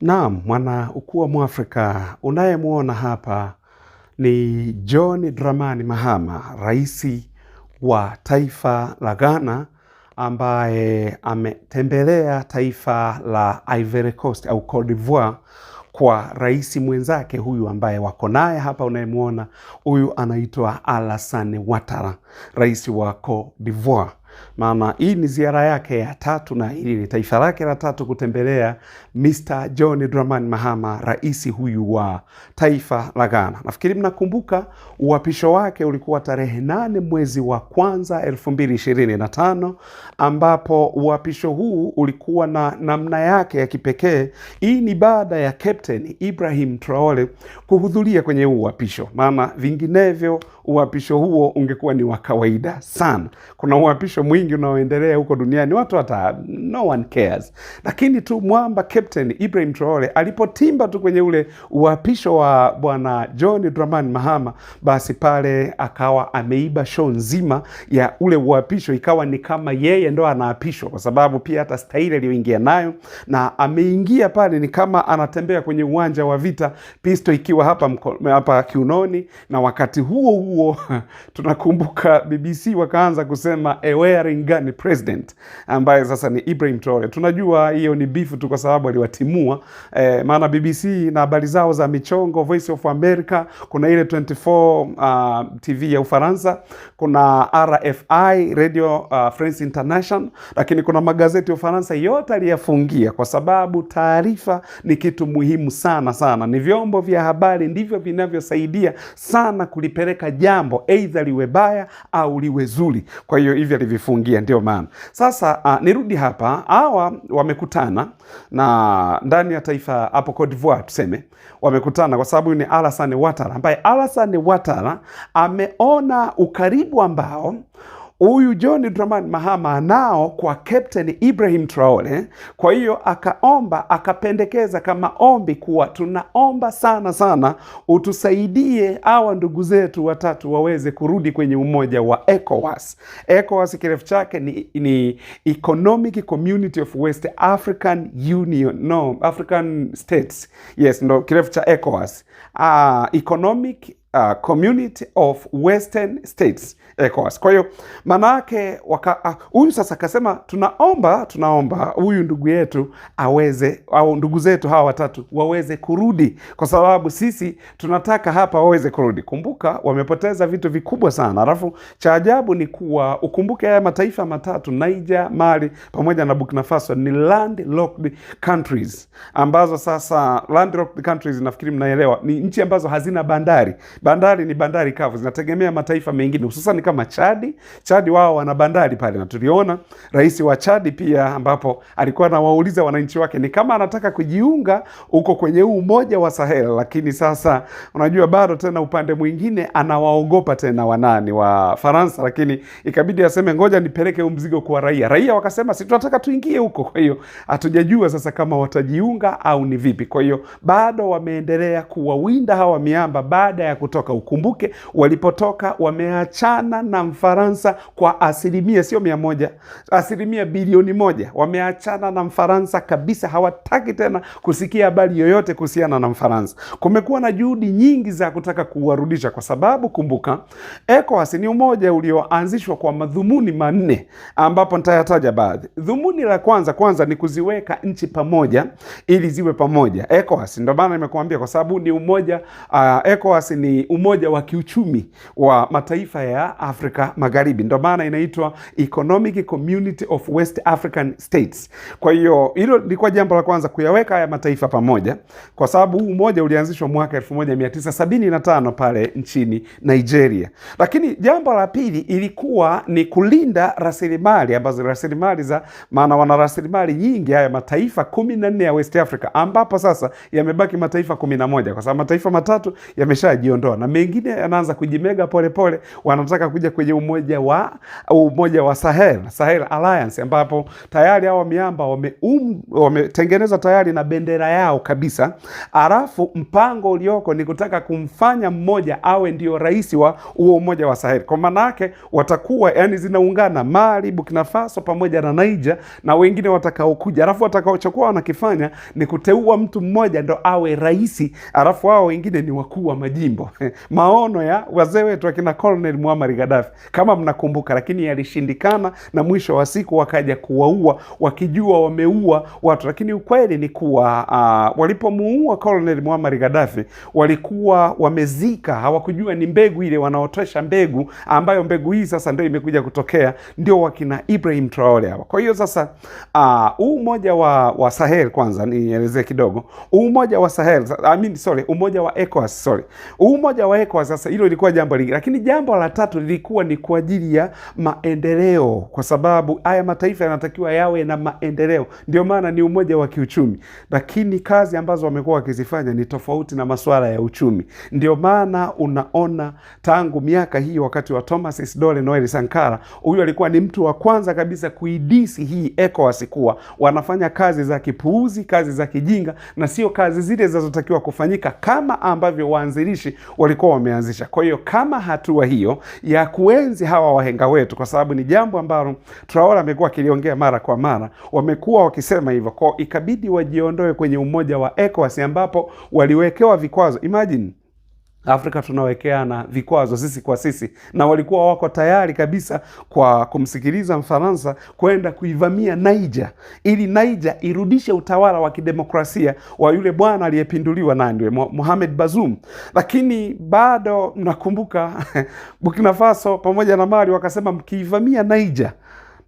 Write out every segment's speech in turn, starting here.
Naam, mwana ukuu wa Mwafrika unayemwona hapa ni John Dramani Mahama, rais wa taifa la Ghana ambaye ametembelea taifa la Ivory Coast au Cote d'Ivoire kwa rais mwenzake huyu ambaye wako naye hapa unayemwona, huyu anaitwa Alassane Ouattara, rais wa Cote d'Ivoire mama. Hii ni ziara yake ya tatu na hili ni taifa lake la tatu kutembelea Mr. John Dramani Mahama, rais huyu wa taifa la Ghana. Nafikiri mnakumbuka uapisho wake ulikuwa tarehe nane mwezi wa kwanza elfu mbili ishirini na tano ambapo uapisho huu ulikuwa na namna yake ya kipekee. Hii ni baada ya Captain Ibrahim Traore kuhudhuria kwenye uapisho, maana vinginevyo uhapisho huo ungekuwa ni wa kawaida sana. Kuna uhapisho mwingi unaoendelea huko duniani, watu hata no one cares, lakini tu mwamba Captain Ibrahim Traore alipotimba tu kwenye ule uhapisho wa bwana John Dramani Mahama, basi pale akawa ameiba show nzima ya ule uhapisho, ikawa ni kama yeye ndo anaapishwa, kwa sababu pia hata staili aliyoingia nayo na ameingia pale ni kama anatembea kwenye uwanja wa vita, pisto ikiwa hapa, mko, hapa kiunoni na wakati huo huo huo tunakumbuka BBC wakaanza kusema a eh, wearing gun president, ambaye sasa ni Ibrahim Traore. Tunajua hiyo ni bifu tu kwa sababu aliwatimua e, maana BBC na habari zao za michongo, Voice of America, kuna ile 24 uh, TV ya Ufaransa, kuna RFI Radio uh, France International, lakini kuna magazeti ya Ufaransa yote aliyafungia kwa sababu taarifa ni kitu muhimu sana sana. Ni vyombo vya habari ndivyo vinavyosaidia sana kulipeleka jambo aidha liwe baya au liwe zuri. Kwa hiyo hivi alivifungia, ndio maana sasa. Uh, nirudi hapa, hawa wamekutana na ndani ya taifa hapo Cote d'Ivoire tuseme wamekutana kwa sababu ni Alassane Ouattara ambaye Alassane Ouattara ameona ukaribu ambao huyu John Dramani Mahama nao kwa Captain Ibrahim Traore. Kwa hiyo akaomba akapendekeza kama ombi kuwa tunaomba sana sana utusaidie hawa ndugu zetu watatu waweze kurudi kwenye umoja wa ECOWAS. ECOWAS kirefu chake ni, ni Economic Community of West African Union, no, African States. Yes, ndo kirefu cha ECOWAS uh, economic uh, community of western states ECOWAS. Kwa hiyo maana yake uh, huyu uh, sasa akasema tunaomba tunaomba huyu ndugu yetu aweze au ndugu zetu hawa watatu waweze kurudi, kwa sababu sisi tunataka hapa waweze kurudi. Kumbuka wamepoteza vitu vikubwa sana, alafu cha ajabu ni kuwa ukumbuke haya mataifa matatu Niger, Mali pamoja na Burkina Faso ni landlocked countries ambazo sasa landlocked countries, nafikiri mnaelewa ni nchi ambazo hazina bandari. Bandari ni bandari kavu, zinategemea mataifa mengine, hususan kama Chadi. Chadi wao wana bandari pale, na tuliona rais wa Chadi pia, ambapo alikuwa anawauliza wananchi wake ni kama anataka kujiunga huko kwenye huu umoja wa Sahel, lakini sasa unajua bado tena upande mwingine anawaogopa tena wanani wa Faransa, lakini ikabidi aseme ngoja nipeleke huu mzigo kwa raia. Raia wakasema si tunataka tuingie huko. Kwa hiyo hatujajua sasa kama watajiunga au ni vipi. Kwa hiyo bado wameendelea kuwa kuwawinda hawa miamba baada ya kutoka. Ukumbuke walipotoka wameachana na Mfaransa kwa asilimia sio mia moja, asilimia bilioni moja. Wameachana na Mfaransa kabisa, hawataki tena kusikia habari yoyote kuhusiana na Mfaransa. Kumekuwa na juhudi nyingi za kutaka kuwarudisha, kwa sababu kumbuka, ECOWAS ni umoja ulioanzishwa kwa madhumuni manne ambapo nitayataja baadhi. Dhumuni la kwanza kwanza ni kuziweka nchi pamoja ili ziwe pamoja. ECOWAS ndio maana nimekuambia, kwa sababu ni umoja umoja uh, ECOWAS ni umoja wa kiuchumi wa mataifa ya Afrika Magharibi, ndio maana inaitwa Economic Community of West African States. Kwa hiyo hilo lilikuwa jambo la kwanza kuyaweka haya mataifa pamoja, kwa sababu huu umoja ulianzishwa mwaka 1975 pale nchini Nigeria. Lakini jambo la pili ilikuwa ni kulinda rasilimali ambazo rasilimali za maana, wana rasilimali nyingi haya mataifa 14 ya West Africa, ambapo sasa yamebaki mataifa 11 kwa sababu mataifa matatu yameshajiondoa na mengine yanaanza kujimega polepole pole. Wanataka kuja kwenye umoja wa umoja wa Sahel, Sahel Alliance ambapo tayari hao miamba wametengeneza wame um, tayari na bendera yao kabisa, alafu mpango ulioko ni kutaka kumfanya mmoja awe ndio rais wa huo umoja wa Sahel. Kwa maana yake watakuwa yani zinaungana Mali, Burkina Faso pamoja na Niger na wengine watakaokuja, alafu watakaochokuwa wanakifanya ni kuteua mtu mmoja ndo awe rais alafu wao wengine ni wakuu wa majimbo maono ya wazee wetu akina Colonel Muammar Gaddafi kama mnakumbuka, lakini yalishindikana na mwisho wa siku wakaja kuwaua wakijua wameua watu, lakini ukweli ni kuwa uh, walipomuua Colonel Muammar Gaddafi walikuwa wamezika, hawakujua ni mbegu ile wanaotesha mbegu, ambayo mbegu hii sasa ndio imekuja kutokea, ndio wakina Ibrahim Traore hawa. Kwa hiyo sasa ah, huu uh, umoja wa, wa Sahel kwanza nielezee kidogo umoja wa Sahel, I mean, sorry umoja wa ECOWAS, sorry, umoja wa ECOWAS. Sasa hilo lilikuwa jambo lingi lakini jambo la tatu lilikuwa ni kwa ajili ya maendeleo, kwa sababu haya mataifa yanatakiwa yawe na maendeleo, ndio maana ni umoja wa kiuchumi. Lakini kazi ambazo wamekuwa wakizifanya ni tofauti na masuala ya uchumi, ndio maana unaona tangu miaka hii, wakati wa Thomas Isidore Noel Sankara, huyu alikuwa ni mtu wa kwanza kabisa kuidisi hii ECOWAS kuwa wanafanya kazi za kipuuzi, kazi za kijinga na sio kazi zile zinazotakiwa kufanyika kama ambavyo waanzilishi walikuwa wameanzisha. Kwa hiyo kama hatua hiyo ya kuenzi hawa wahenga wetu, kwa sababu ni jambo ambalo Traore amekuwa akiliongea mara kwa mara, wamekuwa wakisema hivyo kwao, ikabidi wajiondoe kwenye umoja wa ECOWAS ambapo waliwekewa vikwazo. Imagine Afrika tunawekeana vikwazo sisi kwa sisi, na walikuwa wako tayari kabisa kwa kumsikiliza Mfaransa kwenda kuivamia Niger ili Niger irudishe utawala wa kidemokrasia wa yule bwana aliyepinduliwa nandwe Mohamed Bazoum. Lakini bado mnakumbuka Burkina Faso pamoja na Mali wakasema, mkiivamia Niger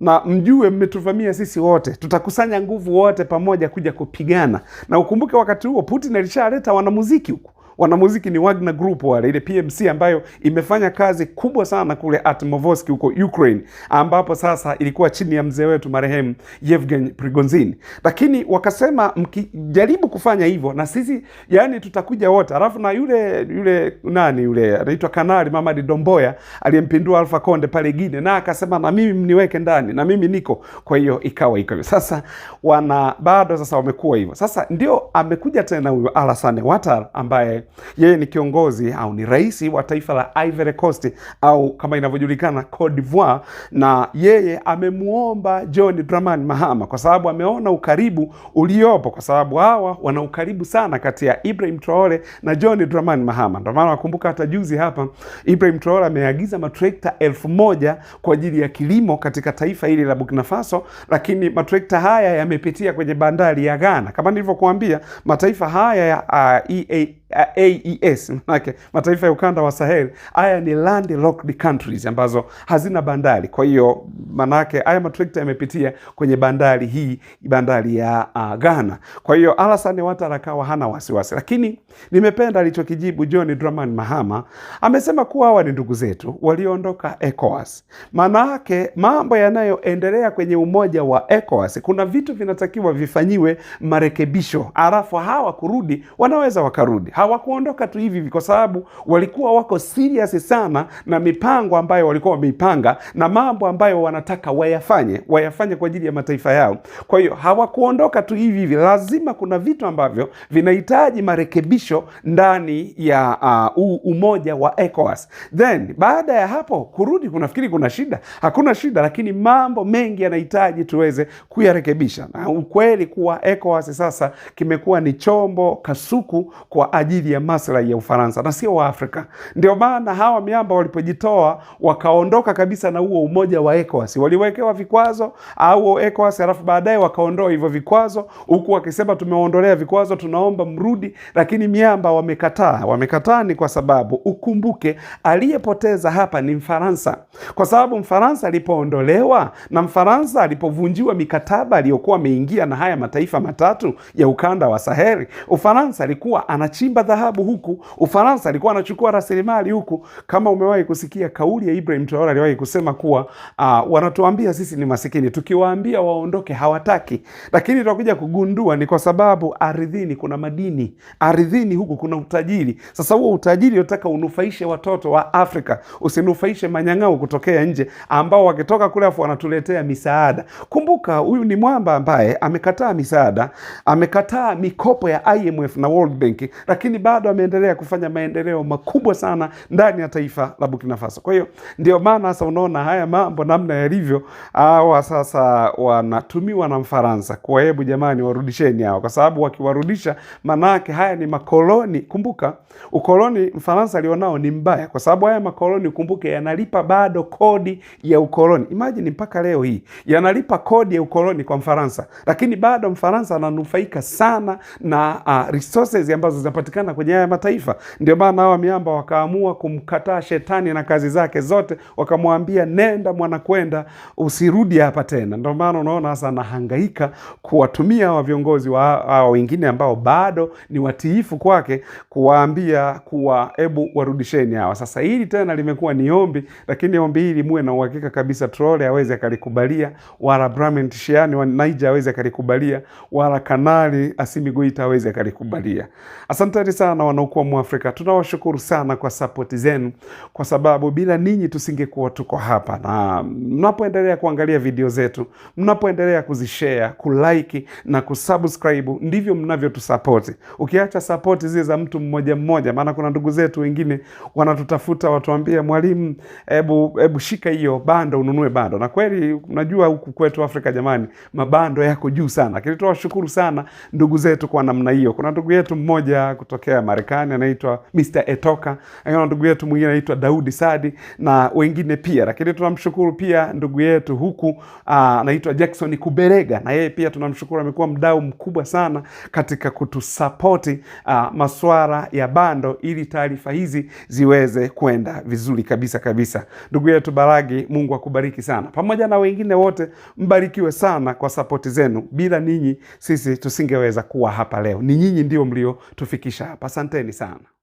na mjue mmetuvamia sisi wote, tutakusanya nguvu wote pamoja kuja kupigana. Na ukumbuke wakati huo Putin alishaleta wanamuziki huku wanamuziki ni Wagner Group wale, ile PMC ambayo imefanya kazi kubwa sana kule Atmovoski huko Ukraine, ambapo sasa ilikuwa chini ya mzee wetu marehemu Yevgeny Prigozhin. Lakini wakasema mkijaribu kufanya hivyo na sisi yani tutakuja wote. Alafu na yule yule nani yule anaitwa Kanali Mamadi Domboya aliyempindua Alpha Konde pale Gine, na akasema na mimi mniweke ndani, na mimi niko. Kwa hiyo ikawa iko sasa, wana bado sasa wamekuwa hivyo sasa, ndio amekuja tena huyo Alassane Ouattara ambaye yeye ni kiongozi au ni rais wa taifa la Ivory Coast au kama inavyojulikana Cote d'Ivoire, na yeye amemwomba John Dramani Mahama kwa sababu ameona ukaribu uliopo, kwa sababu hawa wana ukaribu sana kati ya Ibrahim Traore na John Dramani Mahama. Ndio maana nakumbuka hata juzi hapa Ibrahim Traore ameagiza matrekta elfu moja kwa ajili ya kilimo katika taifa hili la Burkina Faso, lakini matrekta haya yamepitia kwenye bandari ya Ghana. Kama nilivyokuambia mataifa haya ya uh, EA AES manake mataifa ya ukanda wa Sahel. Haya ni landlocked countries ambazo hazina bandari, kwa hiyo manake haya matrekta yamepitia kwenye bandari hii, bandari ya uh, Ghana. Kwa hiyo Alassane Ouattara akawa hana wasiwasi, lakini nimependa alichokijibu John Dramani Mahama. Amesema kuwa hawa ni ndugu zetu walioondoka ECOWAS. Manake mambo yanayoendelea kwenye umoja wa ECOWAS, kuna vitu vinatakiwa vifanyiwe marekebisho, alafu hawa kurudi wanaweza wakarudi Hawakuondoka tu hivi hivi, kwa sababu walikuwa wako serious sana na mipango ambayo walikuwa wameipanga na mambo ambayo wanataka wayafanye, wayafanye kwa ajili ya mataifa yao. Kwa hiyo hawakuondoka tu hivi hivi, lazima kuna vitu ambavyo vinahitaji marekebisho ndani ya uh, umoja wa ECOWAS. Then baada ya hapo kurudi, kunafikiri kuna shida? Hakuna shida, lakini mambo mengi yanahitaji tuweze kuyarekebisha, na ukweli kuwa ECOWAS sasa kimekuwa ni chombo kasuku kwa ajili ya maslahi ya Ufaransa na sio Waafrika. Ndio maana hawa miamba walipojitoa wakaondoka kabisa na huo umoja wa ECOWAS, waliwekewa vikwazo au ECOWAS, alafu baadaye wakaondoa hivyo vikwazo, huku wakisema tumeondolea vikwazo, tunaomba mrudi, lakini miamba wamekataa. Wamekataa ni kwa sababu ukumbuke, aliyepoteza hapa ni Mfaransa, kwa sababu Mfaransa alipoondolewa na Mfaransa alipovunjiwa mikataba aliyokuwa ameingia na haya mataifa matatu ya ukanda wa Saheli, Ufaransa alikuwa anachimba wanachimba dhahabu huku, Ufaransa alikuwa anachukua rasilimali huku. Kama umewahi kusikia kauli ya Ibrahim Traore, aliwahi kusema kuwa uh, wanatuambia sisi ni masikini, tukiwaambia waondoke hawataki, lakini tutakuja kugundua ni kwa sababu ardhini kuna madini, ardhini huku kuna utajiri. Sasa huo utajiri unataka unufaishe watoto wa Afrika, usinufaishe manyang'au kutokea nje, ambao wakitoka kule afu wanatuletea misaada. Kumbuka huyu ni mwamba ambaye amekataa misaada, amekataa mikopo ya IMF na World Bank, lakini lakini bado ameendelea kufanya maendeleo makubwa sana ndani ya taifa la Burkina Faso. Kwa hiyo ndio maana sasa unaona haya mambo namna yalivyo, hawa sasa wanatumiwa na Mfaransa kwa hebu jamani, warudisheni hawa, kwa sababu wakiwarudisha, manake haya ni makoloni. Kumbuka ukoloni Mfaransa alionao ni mbaya, kwa sababu haya makoloni kumbuke, yanalipa bado kodi ya ukoloni. Imagine mpaka leo hii yanalipa kodi ya ukoloni kwa Mfaransa, lakini bado Mfaransa ananufaika sana na uh, resources ambazo zinapatikana yanayopatikana kwenye haya mataifa. Ndio maana hawa miamba wakaamua kumkataa shetani na kazi zake zote, wakamwambia nenda mwanakwenda, usirudi hapa tena. Ndio maana unaona sasa anahangaika kuwatumia hawa viongozi wa hawa wengine ambao bado ni watiifu kwake, kuwaambia kuwa hebu warudisheni hawa. Sasa hili tena limekuwa ni ombi, lakini ombi hili muwe na uhakika kabisa Traore aweze akalikubalia, wala Brahim Tchiani wa Niger aweze akalikubalia, wala Kanali Asimi Goita aweze akalikubalia. Asante asanteni sana wanaokuwa Mwafrika, tunawashukuru sana kwa sapoti zenu, kwa sababu bila ninyi tusingekuwa tuko hapa. Na mnapoendelea kuangalia video zetu, mnapoendelea kuzishare, kulike na kusubscribe, ndivyo mnavyotusapoti. Ukiacha sapoti zile za mtu mmoja mmoja, maana kuna ndugu zetu wengine wanatutafuta watuambia, mwalimu, ebu, ebu shika hiyo bando ununue bando. Na kweli unajua huku kwetu Afrika jamani, mabando yako juu sana, lakini tunawashukuru sana ndugu zetu kwa namna hiyo. Kuna ndugu yetu mmoja kutoka kutokea Marekani anaitwa Mr. Etoka, na ndugu yetu mwingine anaitwa Daudi Sadi na wengine pia, lakini tunamshukuru pia ndugu yetu huku ah, anaitwa uh, Jackson Kuberega, na yeye pia tunamshukuru, amekuwa mdau mkubwa sana katika kutusapoti uh, ah, maswara ya bando ili taarifa hizi ziweze kwenda vizuri kabisa kabisa. Ndugu yetu Baragi, Mungu akubariki sana, pamoja na wengine wote, mbarikiwe sana kwa sapoti zenu. Bila ninyi sisi tusingeweza kuwa hapa leo. Ni nyinyi ndio mliotufikisha chap. Asanteni sana.